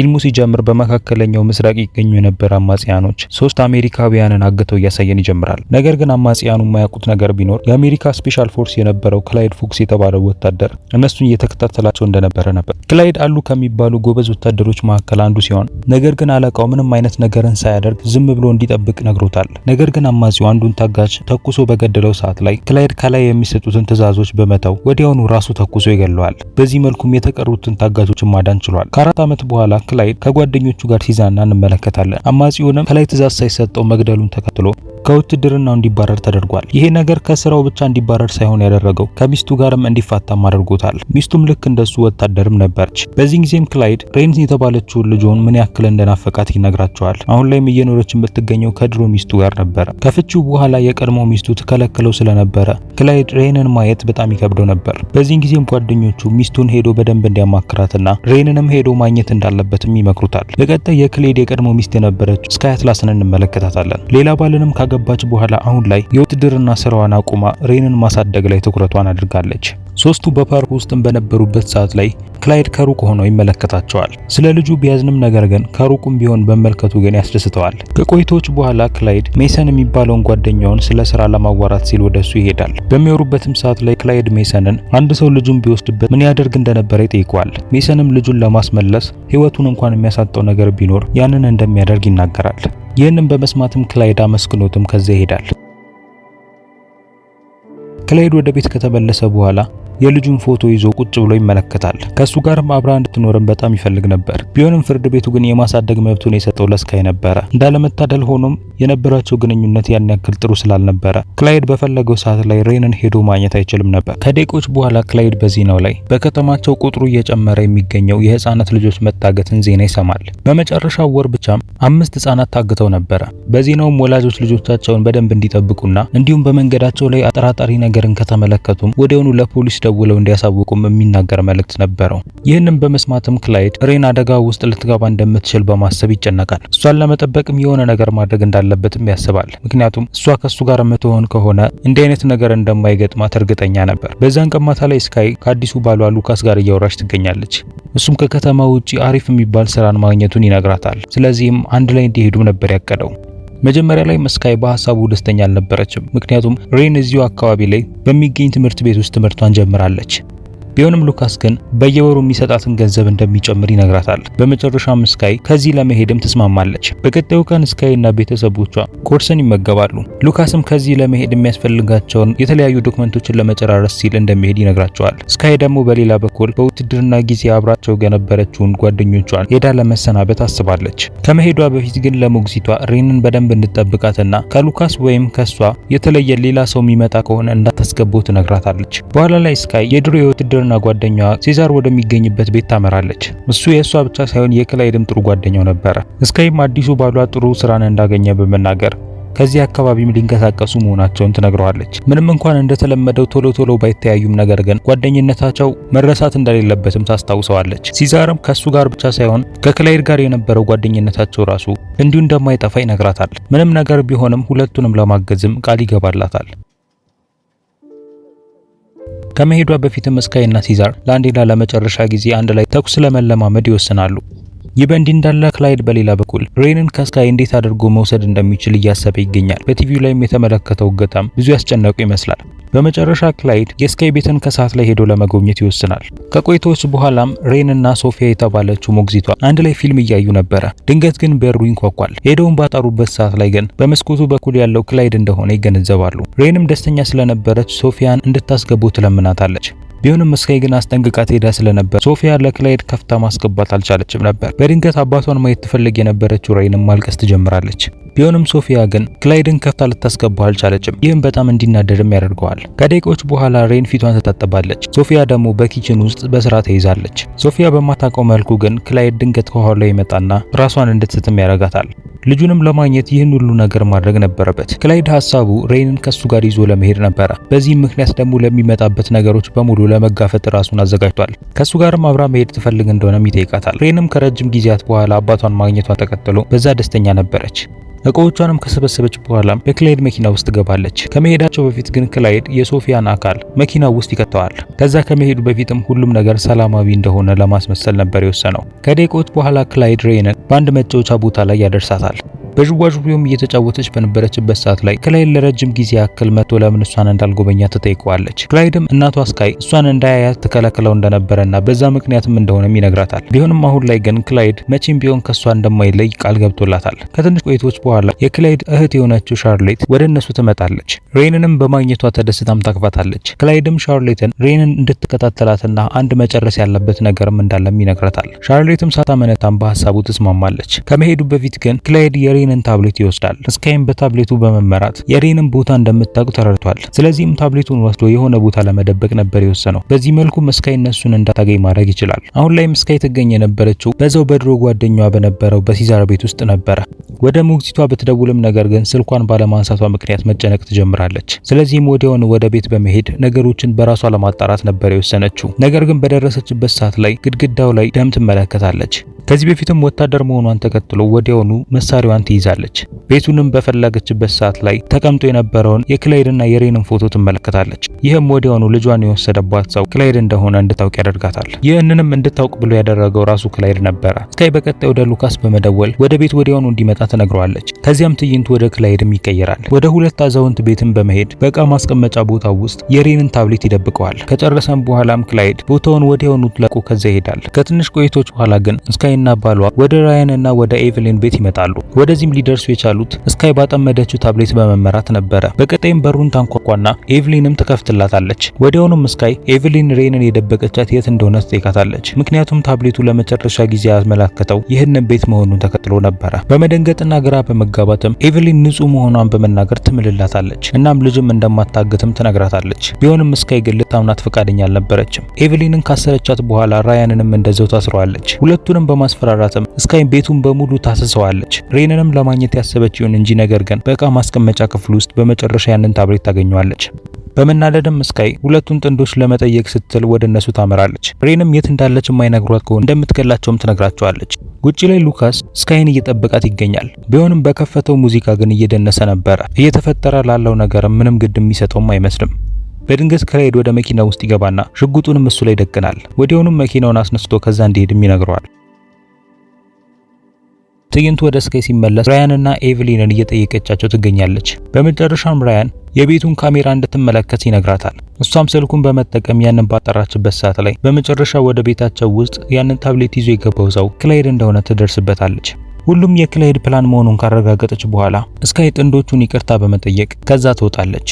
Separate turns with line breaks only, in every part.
ፊልሙ ሲጀምር በመካከለኛው ምስራቅ ይገኙ የነበረ አማጽያኖች ሶስት አሜሪካውያንን አግተው እያሳየን ይጀምራል። ነገር ግን አማጽያኑ የማያውቁት ነገር ቢኖር የአሜሪካ ስፔሻል ፎርስ የነበረው ክላይድ ፉክስ የተባለው ወታደር እነሱን እየተከታተላቸው እንደነበረ ነበር። ክላይድ አሉ ከሚባሉ ጎበዝ ወታደሮች መካከል አንዱ ሲሆን ነገር ግን አለቃው ምንም አይነት ነገርን ሳያደርግ ዝም ብሎ እንዲጠብቅ ነግሮታል። ነገር ግን አማጺው አንዱን ታጋች ተኩሶ በገደለው ሰዓት ላይ ክላይድ ከላይ የሚሰጡትን ትዕዛዞች በመተው ወዲያውኑ ራሱ ተኩሶ ይገለዋል። በዚህ መልኩም የተቀሩትን ታጋቾችን ማዳን ችሏል። ከአራት ዓመት በኋላ ክላይድ ከጓደኞቹ ጋር ሲዛና እንመለከታለን። አማጺውንም ከላይ ትእዛዝ ሳይሰጠው መግደሉን ተከትሎ ከውትድርናው እንዲባረር ተደርጓል። ይሄ ነገር ከስራው ብቻ እንዲባረር ሳይሆን ያደረገው ከሚስቱ ጋርም እንዲፋታም አድርጎታል። ሚስቱም ልክ እንደሱ ወታደርም ነበረች። በዚህ ጊዜም ክላይድ ሬንስ የተባለችውን ልጆን ምን ያክል እንደናፈቃት ይነግራቸዋል። አሁን ላይም እየኖረች የምትገኘው ከድሮ ሚስቱ ጋር ነበረ። ከፍቺው በኋላ የቀድሞ ሚስቱ ትከለክለው ስለነበረ ክላይድ ሬንን ማየት በጣም ይከብደው ነበር። በዚህ ጊዜም ጓደኞቹ ሚስቱን ሄዶ በደንብ እንዲያማክራትና ሬንንም ሄዶ ማግኘት እንዳለበት እንደሌለበትም ይመክሩታል። በቀጣይ የክሌድ የቀድሞ ሚስት የነበረችው ስካይ አትላስን እንመለከታታለን። ሌላ ባልንም ካገባች በኋላ አሁን ላይ የውትድርና ስራዋን አቁማ ሬንን ማሳደግ ላይ ትኩረቷን አድርጋለች። ሶስቱ በፓርክ ውስጥም በነበሩበት ሰዓት ላይ ክላይድ ከሩቅ ሆኖ ይመለከታቸዋል። ስለ ልጁ ቢያዝንም ነገር ግን ከሩቁም ቢሆን በመልከቱ ግን ያስደስተዋል። ከቆይታዎች በኋላ ክላይድ ሜሰን የሚባለውን ጓደኛውን ስለ ስራ ለማዋራት ሲል ወደሱ ይሄዳል። በሚወሩበትም ሰዓት ላይ ክላይድ ሜሰንን አንድ ሰው ልጁን ቢወስድበት ምን ያደርግ እንደነበረ ይጠይቀዋል። ሜሰንም ልጁን ለማስመለስ ህይወቱን ነፍሱን እንኳን የሚያሳጣው ነገር ቢኖር ያንን እንደሚያደርግ ይናገራል። ይህንን በመስማትም ክላይድ አመስግኖትም ከዚያ ይሄዳል። ክላይድ ወደ ቤት ከተመለሰ በኋላ የልጁን ፎቶ ይዞ ቁጭ ብሎ ይመለከታል። ከሱ ጋርም አብራ እንድትኖርም በጣም ይፈልግ ነበር። ቢሆንም ፍርድ ቤቱ ግን የማሳደግ መብቱን የሰጠው ለስካይ ነበረ። እንዳለመታደል ሆኖም የነበራቸው ግንኙነት ያን ያክል ጥሩ ስላልነበረ ክላይድ በፈለገው ሰዓት ላይ ሬንን ሄዶ ማግኘት አይችልም ነበር። ከደቂቆች በኋላ ክላይድ በዜናው ላይ በከተማቸው ቁጥሩ እየጨመረ የሚገኘው የህፃናት ልጆች መታገትን ዜና ይሰማል። በመጨረሻው ወር ብቻም አምስት ህፃናት ታግተው ነበረ። በዜናውም ወላጆች ልጆቻቸውን በደንብ እንዲጠብቁና እንዲሁም በመንገዳቸው ላይ አጠራጣሪ ነገርን ከተመለከቱም ወዲያውኑ ለፖሊስ ደውለው እንዲያሳውቁም የሚናገር መልእክት ነበረው። ይህንም በመስማትም ክላይድ ሬን አደጋ ውስጥ ልትገባ እንደምትችል በማሰብ ይጨነቃል። እሷን ለመጠበቅም የሆነ ነገር ማድረግ እንዳለበትም ያስባል። ምክንያቱም እሷ ከእሱ ጋር የምትሆን ከሆነ እንዲህ አይነት ነገር እንደማይገጥማት እርግጠኛ ነበር። በዛን ቀን ማታ ላይ ስካይ ከአዲሱ ባሏ ሉካስ ጋር እያወራች ትገኛለች። እሱም ከከተማ ውጪ አሪፍ የሚባል ስራን ማግኘቱን ይነግራታል። ስለዚህም አንድ ላይ እንዲሄዱ ነበር ያቀደው። መጀመሪያ ላይ መስካይ በሀሳቡ ደስተኛ አልነበረችም። ምክንያቱም ሬን እዚሁ አካባቢ ላይ በሚገኝ ትምህርት ቤት ውስጥ ትምህርቷን ጀምራለች። ቢሆንም ሉካስ ግን በየወሩ የሚሰጣትን ገንዘብ እንደሚጨምር ይነግራታል። በመጨረሻም ስካይ ከዚህ ለመሄድም ትስማማለች። በቀጣዩ ቀን ስካይ እና ቤተሰቦቿ ቁርስን ይመገባሉ። ሉካስም ከዚህ ለመሄድ የሚያስፈልጋቸውን የተለያዩ ዶክመንቶችን ለመጨራረስ ሲል እንደሚሄድ ይነግራቸዋል። ስካይ ደግሞ በሌላ በኩል በውትድርና ጊዜ አብራቸው የነበረችውን ጓደኞቿን ሄዳ ለመሰናበት አስባለች። ከመሄዷ በፊት ግን ለሞግዚቷ ሬንን በደንብ እንድጠብቃትና ከሉካስ ወይም ከሷ የተለየ ሌላ ሰው የሚመጣ ከሆነ እንዳታስገቡ ትነግራታለች። በኋላ ላይ ስካይ የድሮ የውትድርና እና ጓደኛዋ ሲዛር ወደሚገኝበት ቤት ታመራለች። እሱ የእሷ ብቻ ሳይሆን የክላይድም ጥሩ ጓደኛው ነበረ። እስካይም አዲሱ ባሏ ጥሩ ስራን እንዳገኘ በመናገር ከዚህ አካባቢም ሊንቀሳቀሱ መሆናቸውን ትነግረዋለች። ምንም እንኳን እንደተለመደው ቶሎ ቶሎ ባይተያዩም ነገር ግን ጓደኝነታቸው መረሳት እንደሌለበትም ታስታውሰዋለች። ሲዛርም ከሱ ጋር ብቻ ሳይሆን ከክላይድ ጋር የነበረው ጓደኝነታቸው ራሱ እንዲሁ እንደማይጠፋ ይነግራታል። ምንም ነገር ቢሆንም ሁለቱንም ለማገዝም ቃል ይገባላታል። ከመሄዷ በፊትም መስካይና ሲዛር ለአንዴና ለመጨረሻ ጊዜ አንድ ላይ ተኩስ ለመለማመድ ይወስናሉ። ይህ በእንዲህ እንዳለ ክላይድ በሌላ በኩል ሬንን ከስካይ እንዴት አድርጎ መውሰድ እንደሚችል እያሰበ ይገኛል። በቲቪው ላይም የተመለከተው ገጣም ብዙ ያስጨነቁ ይመስላል። በመጨረሻ ክላይድ የስካይ ቤትን ከሰዓት ላይ ሄዶ ለመጎብኘት ይወስናል። ከቆይታዎች በኋላም ሬን እና ሶፊያ የተባለችው ሞግዚቷ አንድ ላይ ፊልም እያዩ ነበረ። ድንገት ግን በሩ ይንኳኳል። ሄደውን ባጠሩበት ሰዓት ላይ ግን በመስኮቱ በኩል ያለው ክላይድ እንደሆነ ይገነዘባሉ። ሬንም ደስተኛ ስለነበረች ሶፊያን እንድታስገቡ ትለምናታለች። ቢሆንም ስካይ ግን አስጠንቅቃት ሄዳ ስለነበር ሶፊያ ለክላይድ ከፍታ ማስገባት አልቻለችም ነበር። በድንገት አባቷን ማየት ትፈልግ የነበረችው ራይንም ማልቀስ ትጀምራለች። ቢሆንም ሶፊያ ግን ክላይድን ከፍታ ልታስገባው አልቻለችም። ይህም በጣም እንዲናደድም ያደርገዋል። ከደቂቆች በኋላ ሬን ፊቷን ተታጠባለች። ሶፊያ ደግሞ በኪችን ውስጥ በስራ ተይዛለች። ሶፊያ በማታውቀው መልኩ ግን ክላይድ ድንገት ከኋላ ይመጣና ራሷን እንድትስትም ያደርጋታል። ልጁንም ለማግኘት ይህን ሁሉ ነገር ማድረግ ነበረበት። ክላይድ ሀሳቡ ሬንን ከሱ ጋር ይዞ ለመሄድ ነበረ። በዚህም ምክንያት ደግሞ ለሚመጣበት ነገሮች በሙሉ ለመጋፈጥ ራሱን አዘጋጅቷል። ከሱ ጋርም አብራ መሄድ ትፈልግ እንደሆነም ይጠይቃታል። ሬንም ከረጅም ጊዜያት በኋላ አባቷን ማግኘቷን ተቀጥሎ በዛ ደስተኛ ነበረች። እቃዎቿንም ከሰበሰበች በኋላ በክላይድ መኪና ውስጥ ትገባለች። ከመሄዳቸው በፊት ግን ክላይድ የሶፊያን አካል መኪና ውስጥ ይከተዋል። ከዛ ከመሄዱ በፊትም ሁሉም ነገር ሰላማዊ እንደሆነ ለማስመሰል ነበር የወሰነው። ከደቂቆች በኋላ ክላይድ ሬይንን በአንድ መጫወቻ ቦታ ላይ ያደርሳታል። በዥዋዥዌውም እየተጫወተች በነበረችበት ሰዓት ላይ ክላይድ ለረጅም ጊዜ ያክል መቶ ለምን እሷን እንዳልጎበኛ ተጠይቀዋለች። ክላይድም እናቷ ስካይ እሷን እንዳያያት ተከለክለው እንደነበረና በዛ ምክንያትም እንደሆነም ይነግራታል። ቢሆንም አሁን ላይ ግን ክላይድ መቼም ቢሆን ከእሷ እንደማይለይ ቃል ገብቶላታል። ከትንሽ ቆይቶች በኋላ የክላይድ እህት የሆነችው ሻርሌት ወደ እነሱ ትመጣለች። ሬንንም በማግኘቷ ተደስታም ታቅፋታለች። ክላይድም ሻርሌትን ሬንን እንድትከታተላትና አንድ መጨረስ ያለበት ነገርም እንዳለም ይነግራታል። ሻርሌትም ሳታመነታም በሀሳቡ ትስማማለች። ከመሄዱ በፊት ግን ክላይድ የሬን የሬንን ታብሌት ይወስዳል። ስካይም በታብሌቱ በመመራት የሬንን ቦታ እንደምታውቅ ተረድቷል። ስለዚህም ታብሌቱን ወስዶ የሆነ ቦታ ለመደበቅ ነበር የወሰነው። በዚህ መልኩ ስካይ እነሱን እንዳታገኝ ማድረግ ይችላል። አሁን ላይ ስካይ ትገኝ የነበረችው በዛው በድሮ ጓደኛዋ በነበረው በሲዛር ቤት ውስጥ ነበረ። ወደ ሞግዚቷ ብትደውልም ነገር ግን ስልኳን ባለማንሳቷ ምክንያት መጨነቅ ትጀምራለች። ስለዚህም ወዲያውን ወደ ቤት በመሄድ ነገሮችን በራሷ ለማጣራት ነበር የወሰነችው። ነገር ግን በደረሰችበት ሰዓት ላይ ግድግዳው ላይ ደም ትመለከታለች። ከዚህ በፊትም ወታደር መሆኗን ተከትሎ ወዲያውኑ መሳሪያዋን ትይዛለች። ቤቱንም በፈለገችበት ሰዓት ላይ ተቀምጦ የነበረውን የክላይድና የሬንን ፎቶ ትመለከታለች። ይህም ወዲያውኑ ልጇን የወሰደባት ሰው ክላይድ እንደሆነ እንድታውቅ ያደርጋታል። ይህንንም እንድታውቅ ብሎ ያደረገው ራሱ ክላይድ ነበረ። ስካይ በቀጣይ ወደ ሉካስ በመደወል ወደ ቤት ወዲያውኑ እንዲመጣ ትነግረዋለች። ከዚያም ትዕይንቱ ወደ ክላይድም ይቀየራል። ወደ ሁለት አዛውንት ቤትን በመሄድ በእቃ ማስቀመጫ ቦታ ውስጥ የሬንን ታብሌት ይደብቀዋል። ከጨረሰም በኋላም ክላይድ ቦታውን ወዲያውኑ ለቆ ከዚያ ይሄዳል። ከትንሽ ቆይቶች በኋላ ግን ስካይና ባሏ ወደ እና ወደ ኤቭሊን ቤት ይመጣሉ። ወደዚህ የትም ሊደርሱ የቻሉት ስካይ ባጠመደችው ታብሌት በመመራት ነበረ። በቀጣይም በሩን ታንኳኳና ኤቭሊንም ትከፍትላታለች። ወዲያውኑም ስካይ ኤቭሊን ሬንን የደበቀቻት የት እንደሆነ ትጠይቃታለች። ምክንያቱም ታብሌቱ ለመጨረሻ ጊዜ ያመላከተው ይህንን ቤት መሆኑን ተከትሎ ነበረ። በመደንገጥና ግራ በመጋባትም ኤቭሊን ንጹህ መሆኗን በመናገር ትምልላታለች። እናም ልጅም እንደማታገትም ትነግራታለች። ቢሆንም ስካይ ግን ልታምናት ፈቃደኛ አልነበረችም። ኤቭሊንን ካሰረቻት በኋላ ራያንንም እንደዛው ታስረዋለች። ሁለቱንም በማስፈራራትም ስካይ ቤቱን በሙሉ ታስሰዋለች። ሬንንም እሷም ለማግኘት ያሰበች ይሁን እንጂ ነገር ግን በእቃ ማስቀመጫ ክፍል ውስጥ በመጨረሻ ያንን ታብሌት ታገኘዋለች። በመናደድም ስካይ ሁለቱን ጥንዶች ለመጠየቅ ስትል ወደ እነሱ ታመራለች። ሬንም የት እንዳለች የማይነግሯት ከሆነ እንደምትገላቸውም ትነግራቸዋለች። ውጪ ላይ ሉካስ ስካይን እየጠበቃት ይገኛል። ቢሆንም በከፈተው ሙዚቃ ግን እየደነሰ ነበረ። እየተፈጠረ ላለው ነገር ምንም ግድ የሚሰጠውም አይመስልም። በድንገት ክላይድ ወደ መኪና ውስጥ ይገባና ሽጉጡንም እሱ ላይ ይደቅናል። ወዲያውኑም መኪናውን አስነስቶ ከዛ እንዲሄድም ይነግረዋል። ትዕይንቱ ወደ ስካይ ሲመለስ ራያንና ኤቭሊንን እየጠየቀቻቸው ትገኛለች። በመጨረሻም ራያን የቤቱን ካሜራ እንድትመለከት ይነግራታል። እሷም ስልኩን በመጠቀም ያንን ባጠራችበት ሰዓት ላይ በመጨረሻ ወደ ቤታቸው ውስጥ ያንን ታብሌት ይዞ የገባው ሰው ክላይድ እንደሆነ ትደርስበታለች። ሁሉም የክላይድ ፕላን መሆኑን ካረጋገጠች በኋላ ስካይ ጥንዶቹን ይቅርታ በመጠየቅ ከዛ ትወጣለች።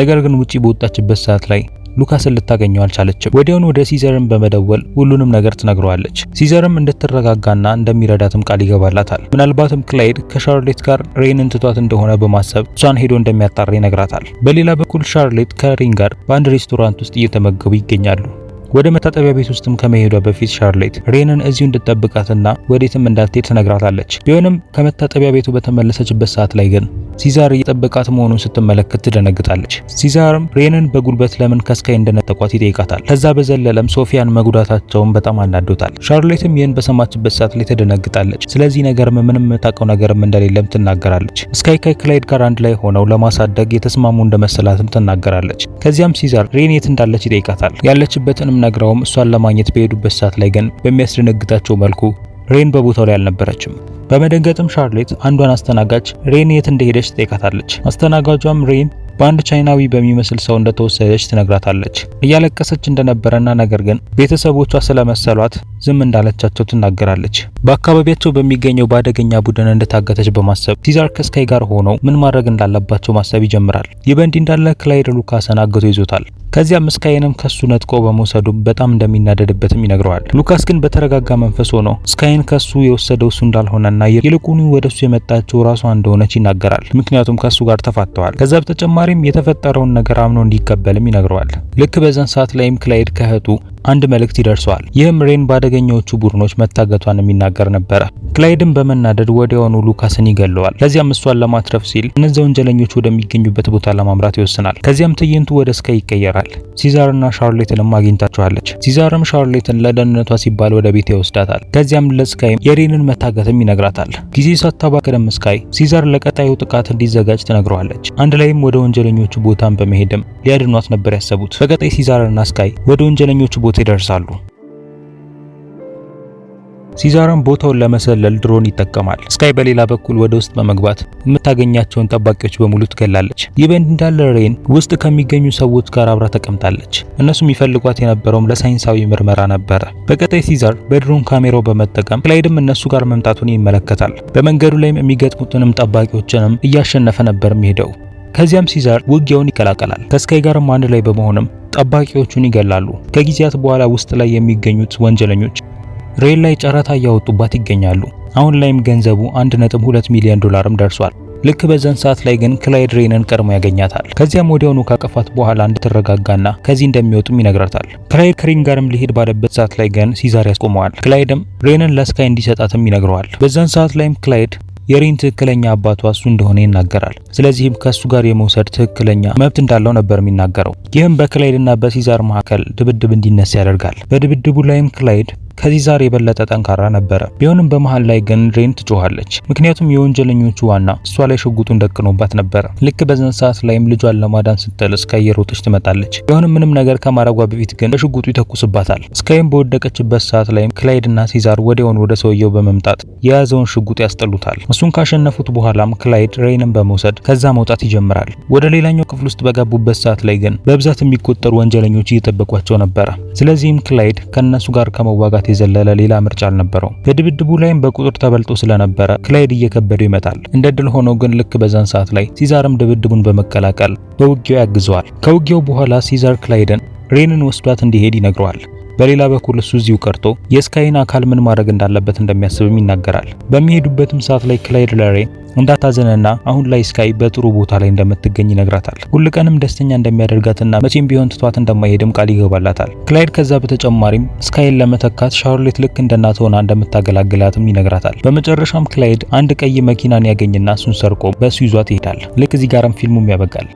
ነገር ግን ውጪ በወጣችበት ሰዓት ላይ ሉካስን ልታገኘው አልቻለችም። ወዲያውኑ ወደ ሲዘርን በመደወል ሁሉንም ነገር ትነግረዋለች። ሲዘርም እንድትረጋጋና እንደሚረዳትም ቃል ይገባላታል። ምናልባትም ክላይድ ከሻርሌት ጋር ሬንን ትቷት እንደሆነ በማሰብ እሷን ሄዶ እንደሚያጣራ ይነግራታል። በሌላ በኩል ሻርሌት ከሬን ጋር በአንድ ሬስቶራንት ውስጥ እየተመገቡ ይገኛሉ። ወደ መታጠቢያ ቤት ውስጥም ከመሄዷ በፊት ሻርሌት ሬንን እዚሁ እንድትጠብቃትና ወዴትም እንዳትሄድ ትነግራታለች። ቢሆንም ከመታጠቢያ ቤቱ በተመለሰችበት ሰዓት ላይ ግን ሲዛር እየጠበቃት መሆኑን ስትመለከት ትደነግጣለች። ሲዛርም ሬንን በጉልበት ለምን ከስካይ እንደነጠቋት ይጠይቃታል። ከዛ በዘለለም ሶፊያን መጉዳታቸውን በጣም አናዶታል። ሻርሌትም ይህን በሰማችበት ሰዓት ላይ ትደነግጣለች። ስለዚህ ነገርም ምንም የምታውቀው ነገርም እንደሌለም ትናገራለች። ስካይ ከክላይድ ጋር አንድ ላይ ሆነው ለማሳደግ የተስማሙ እንደመሰላትም ትናገራለች። ከዚያም ሲዛር ሬን የት እንዳለች ይጠይቃታል። ያለችበትን ነግረውም እሷን ለማግኘት በሄዱበት ሰዓት ላይ ግን በሚያስደነግጣቸው መልኩ ሬን በቦታው ላይ አልነበረችም። በመደንገጥም ሻርሌት አንዷን አስተናጋጅ ሬን የት እንደሄደች ትጠይቃታለች። አስተናጋጇም ሬን በአንድ ቻይናዊ በሚመስል ሰው እንደተወሰደች ትነግራታለች። እያለቀሰች እንደነበረና ነገር ግን ቤተሰቦቿ ስለመሰሏት ዝም እንዳለቻቸው ትናገራለች። በአካባቢያቸው በሚገኘው በአደገኛ ቡድን እንደታገተች በማሰብ ቲዛር ከስካይ ጋር ሆነው ምን ማድረግ እንዳለባቸው ማሰብ ይጀምራል። ይህ በእንዲህ እንዳለ ክላይድ ሉካስን አግቶ ይዞታል። ከዚያም ስካይንም ከሱ ነጥቆ በመውሰዱ በጣም እንደሚናደድበትም ይነግረዋል። ሉካስ ግን በተረጋጋ መንፈስ ሆኖ ስካይን ከሱ የወሰደው እሱ እንዳልሆነና ይልቁኑ ወደሱ የመጣችው ራሷ እንደሆነች ይናገራል። ምክንያቱም ከሱ ጋር ተፋተዋል። ከዛ በተጨማሪ በተጨማሪም የተፈጠረውን ነገር አምኖ እንዲቀበልም ይነግረዋል። ልክ በዛን ሰዓት ላይም ክላይድ ከእህቱ አንድ መልእክት ይደርሰዋል። ይህም ሬን በአደገኛዎቹ ቡድኖች መታገቷን የሚናገር ነበረ። ክላይድን በመናደድ ወዲያውኑ ሉካስን ይገለዋል። ከዚያም እሷን ለማትረፍ ሲል እነዚያ ወንጀለኞች ወደሚገኙበት ቦታ ለማምራት ይወስናል። ከዚያም ትዕይንቱ ወደ ስካይ ይቀየራል። ሲዛርና ሻርሌትንም አግኝታቸዋለች። ሲዛርም ሻርሌትን ለደህንነቷ ሲባል ወደ ቤት ይወስዳታል። ከዚያም ለስካይ የሬንን መታገትም ይነግራታል። ጊዜ ሳታባክንም ስካይ ሲዛር ለቀጣዩ ጥቃት እንዲዘጋጅ ትነግረዋለች። አንድ ላይም ወደ ወንጀለኞቹ ቦታን በመሄድም ሊያድኗት ነበር ያሰቡት። በቀጣይ ሲዛርና ስካይ ወደ ወንጀለኞቹ ቦታ ሊያገኙት ይደርሳሉ። ሲዛራም ቦታውን ለመሰለል ድሮን ይጠቀማል። ስካይ በሌላ በኩል ወደ ውስጥ በመግባት የምታገኛቸውን ጠባቂዎች በሙሉ ትገላለች። ይህ በእንዲህ እንዳለ ሬን ውስጥ ከሚገኙ ሰዎች ጋር አብራ ተቀምጣለች። እነሱም ይፈልጓት የነበረውም ለሳይንሳዊ ምርመራ ነበረ። በቀጣይ ሲዛር በድሮን ካሜራው በመጠቀም ክላይድም እነሱ ጋር መምጣቱን ይመለከታል። በመንገዱ ላይም የሚገጥሙትንም ጠባቂዎችንም እያሸነፈ ነበር የሚሄደው። ከዚያም ሲዛር ውጊያውን ይቀላቀላል። ከስካይ ጋርም አንድ ላይ በመሆንም ጠባቂዎቹን ይገላሉ። ከጊዜያት በኋላ ውስጥ ላይ የሚገኙት ወንጀለኞች ሬል ላይ ጨረታ እያወጡባት ይገኛሉ። አሁን ላይም ገንዘቡ 1.2 ሚሊዮን ዶላርም ደርሷል። ልክ በዛን ሰዓት ላይ ግን ክላይድ ሬንን ቀድሞ ያገኛታል። ከዚያም ወዲያውኑ ካቀፋት በኋላ እንድትረጋጋና ከዚህ እንደሚወጡም ይነግራታል። ክላይድ ከሬን ጋርም ሊሄድ ባለበት ሰዓት ላይ ግን ሲዛር ያስቆመዋል። ክላይድም ሬንን ለስካይ እንዲሰጣትም ይነግረዋል። በዛን ሰዓት ላይም ክላይድ የሪን ትክክለኛ አባቷ እሱ እንደሆነ ይናገራል። ስለዚህም ከሱ ጋር የመውሰድ ትክክለኛ መብት እንዳለው ነበር የሚናገረው። ይህም በክላይድ በሲዛር መካከል ድብድብ እንዲነሳ ያደርጋል። በድብድቡ ላይም ክላይድ ከዚህ ዛሬ የበለጠ ጠንካራ ነበረ። ቢሆንም በመሃል ላይ ግን ሬን ትጮኋለች። ምክንያቱም የወንጀለኞቹ ዋና እሷ ላይ ሽጉጡን ደቅኖባት ነበረ። ልክ በዘን ሰዓት ላይም ልጇን ለማዳን ስትል እስካይ እየሮጠች ትመጣለች። ቢሆንም ምንም ነገር ከማረጓ በፊት ግን በሽጉጡ ይተኩስባታል። እስካይም በወደቀችበት ሰዓት ላይም ክላይድና ሲዛር ወዲያውን ወደ ሰውየው በመምጣት የያዘውን ሽጉጥ ያስጠሉታል። እሱን ካሸነፉት በኋላም ክላይድ ሬንን በመውሰድ ከዛ መውጣት ይጀምራል። ወደ ሌላኛው ክፍል ውስጥ በገቡበት ሰዓት ላይ ግን በብዛት የሚቆጠሩ ወንጀለኞች እየጠበቋቸው ነበረ። ስለዚህም ክላይድ ከነሱ ጋር ከመዋጋት ከመግባት የዘለለ ሌላ ምርጫ አልነበረው በድብድቡ ላይም በቁጥር ተበልጦ ስለነበረ ክላይድ እየከበደው ይመጣል። እንደ ድል ሆኖ ግን ልክ በዛን ሰዓት ላይ ሲዛርም ድብድቡን በመቀላቀል በውጊያው ያግዘዋል። ከውጊያው በኋላ ሲዛር ክላይድን ሬንን ወስዷት እንዲሄድ ይነግረዋል። በሌላ በኩል እሱ እዚሁ ቀርቶ የስካይን አካል ምን ማድረግ እንዳለበት እንደሚያስብም ይናገራል። በሚሄዱበትም ሰዓት ላይ ክላይድ ለሬ እንዳታዘነና አሁን ላይ ስካይ በጥሩ ቦታ ላይ እንደምትገኝ ይነግራታል። ሁልቀንም ደስተኛ እንደሚያደርጋትና መቼም ቢሆን ትቷት እንደማይሄድም ቃል ይገባላታል። ክላይድ ከዛ በተጨማሪም ስካይን ለመተካት ሻርሌት ልክ እንደናት ሆና እንደምታገላግላትም ይነግራታል። በመጨረሻም ክላይድ አንድ ቀይ መኪናን ያገኝና እሱን ሰርቆ በእሱ ይዟት ይሄዳል። ልክ እዚህ ጋርም ፊልሙም ያበቃል።